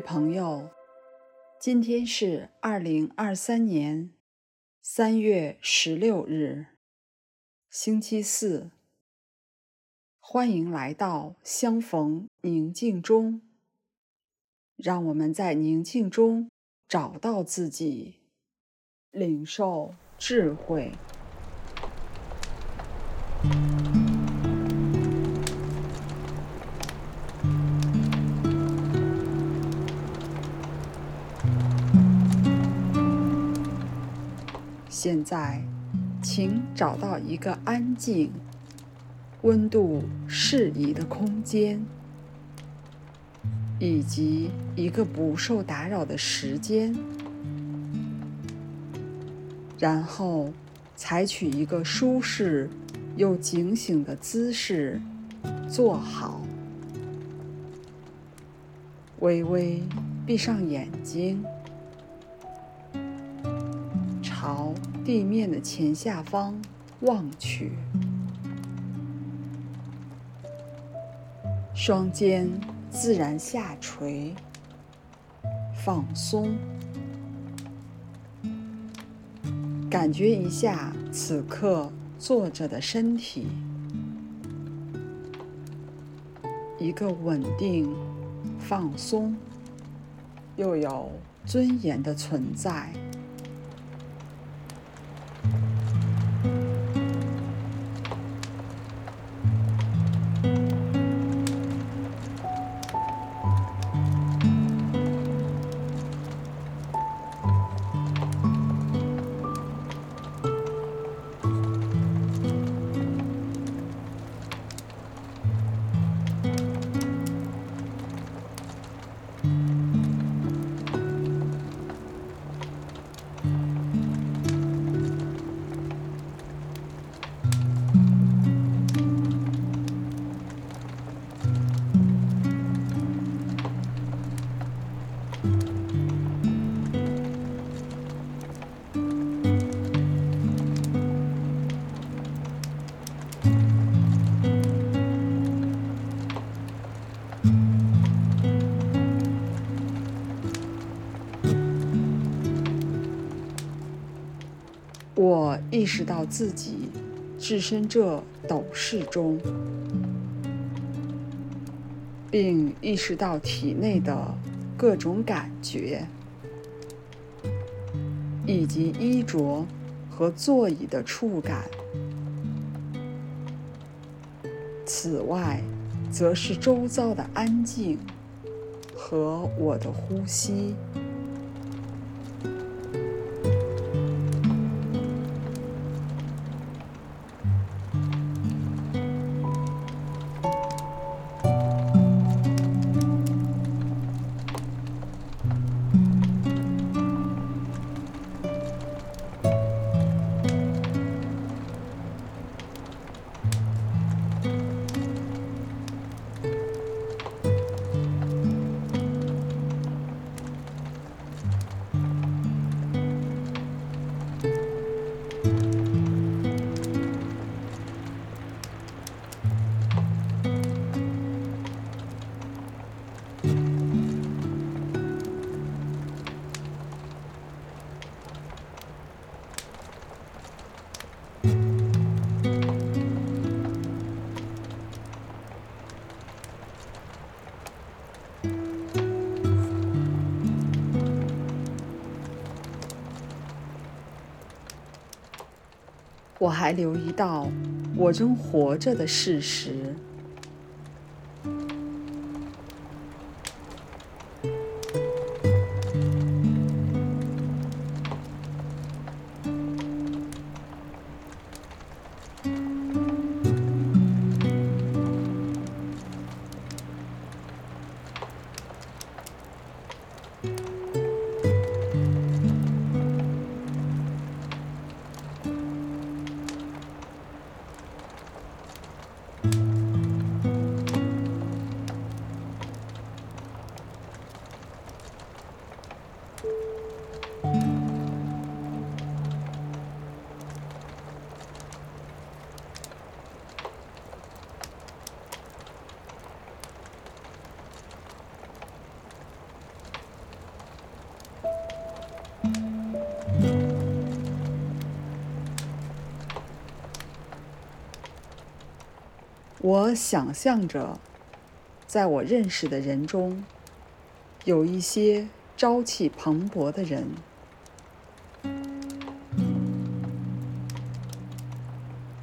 朋友，今天是二零二三年三月十六日，星期四。歡迎來到相逢寧靜中，讓我們在寧靜中找到自己，領受智慧。嗯現在，請找到一個安靜、溫度適宜的空間，以及一個不受打擾的時間，然後採取一個舒適又警醒的姿勢坐好，微微閉上眼睛。朝地面的前下方望去，雙肩自然下垂，放鬆，感覺一下此刻坐着的身體，一個穩定、放鬆又有尊嚴的存在。我意識到自己置身這斗室中，並意識到體內的各種感覺，以及衣着和座椅的觸感。此外，則是周遭的安靜和我的呼吸。我還留意到，我仍活着的事實。我想象着，在我認識的人中，有一些朝氣蓬勃的人。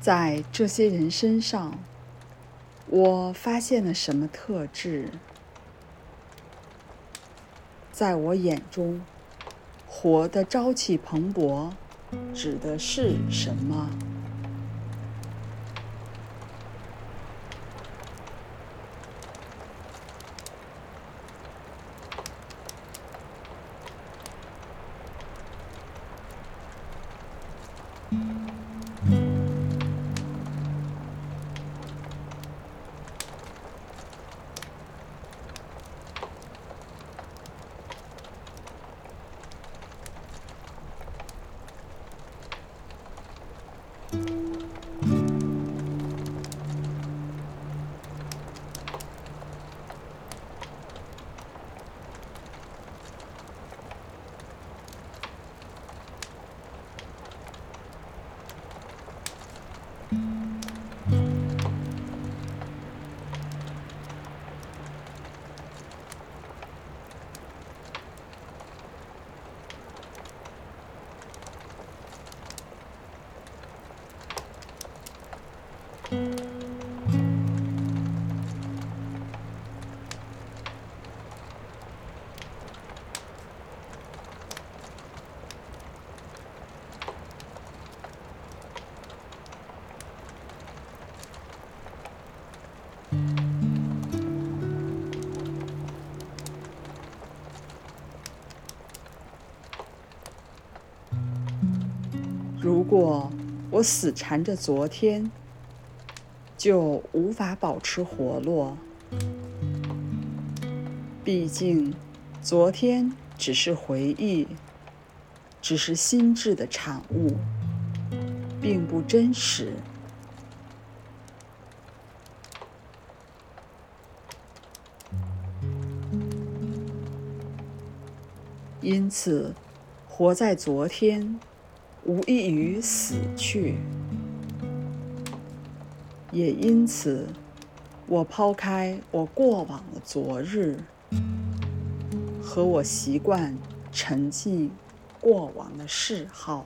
在這些人身上，我發現了什麼特質？在我眼中，活的朝氣蓬勃指的是什麼？如果我死纏着昨天，就無法保持活絡。畢竟，昨天只是回憶，只是心智的產物，並不真實。因此，活在昨天。無異於死去，也因此，我拋開我過往的昨日，和我習慣沉浸過往的嗜好。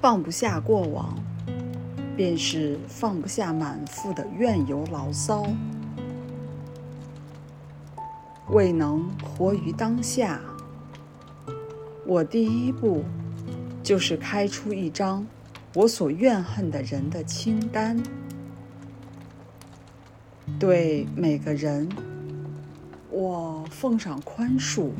放不下過往，便是放不下滿腹的怨尤牢騷。為能活於當下，我第一步，就是開出一張我所怨恨的人的清單。對每個人，我奉上寬恕。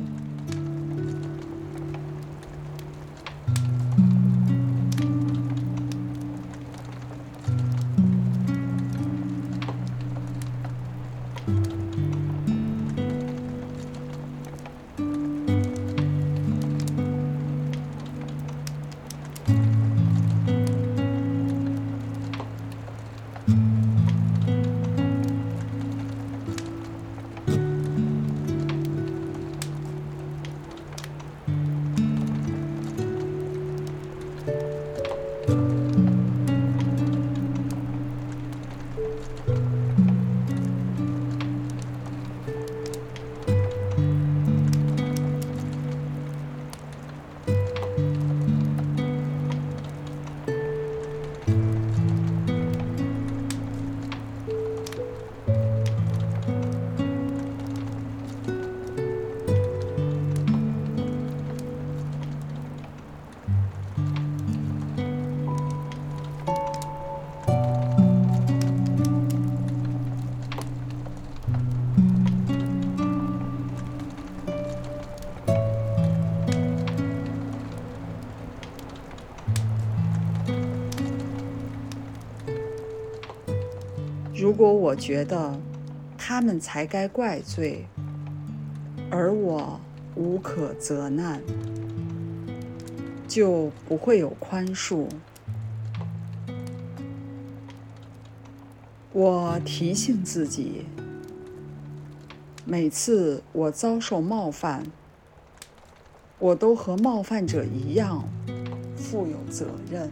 如果我覺得，他們才該怪罪，而我無可責難，就不會有寬恕。我提醒自己，每次我遭受冒犯，我都和冒犯者一樣負有責任。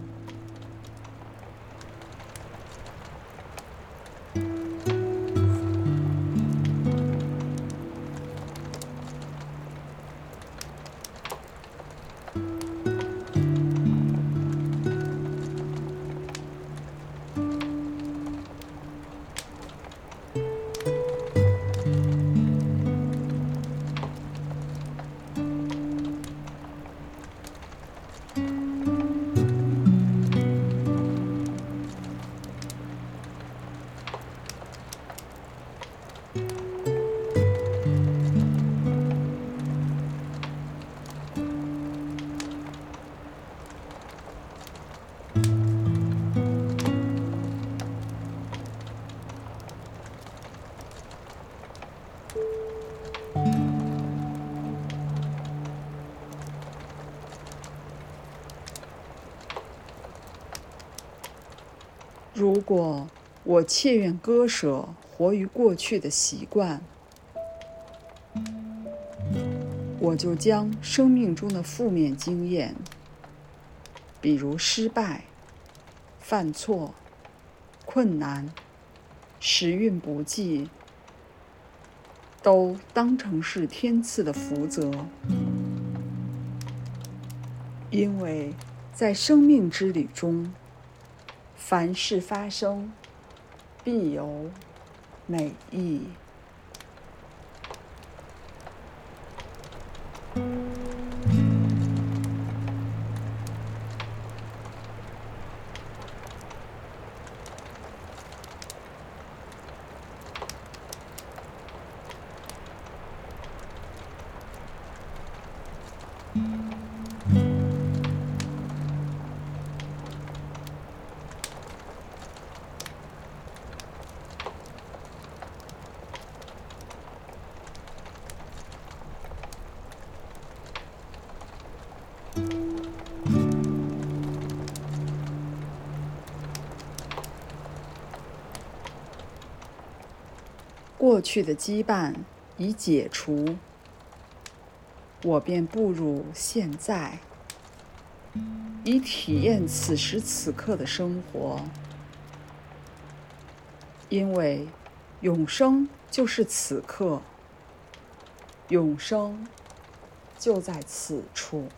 如果我切願割舍活於過去的習慣，我就將生命中的負面經驗，比如失敗、犯錯、困難、時運不濟，都當成是天賜的福澤，因為在生命之旅中，凡事發生，必有美意。過去的羈絆已解除，我便步入現在，以體驗此時此刻的生活。因為，永生就是此刻，永生就在此處。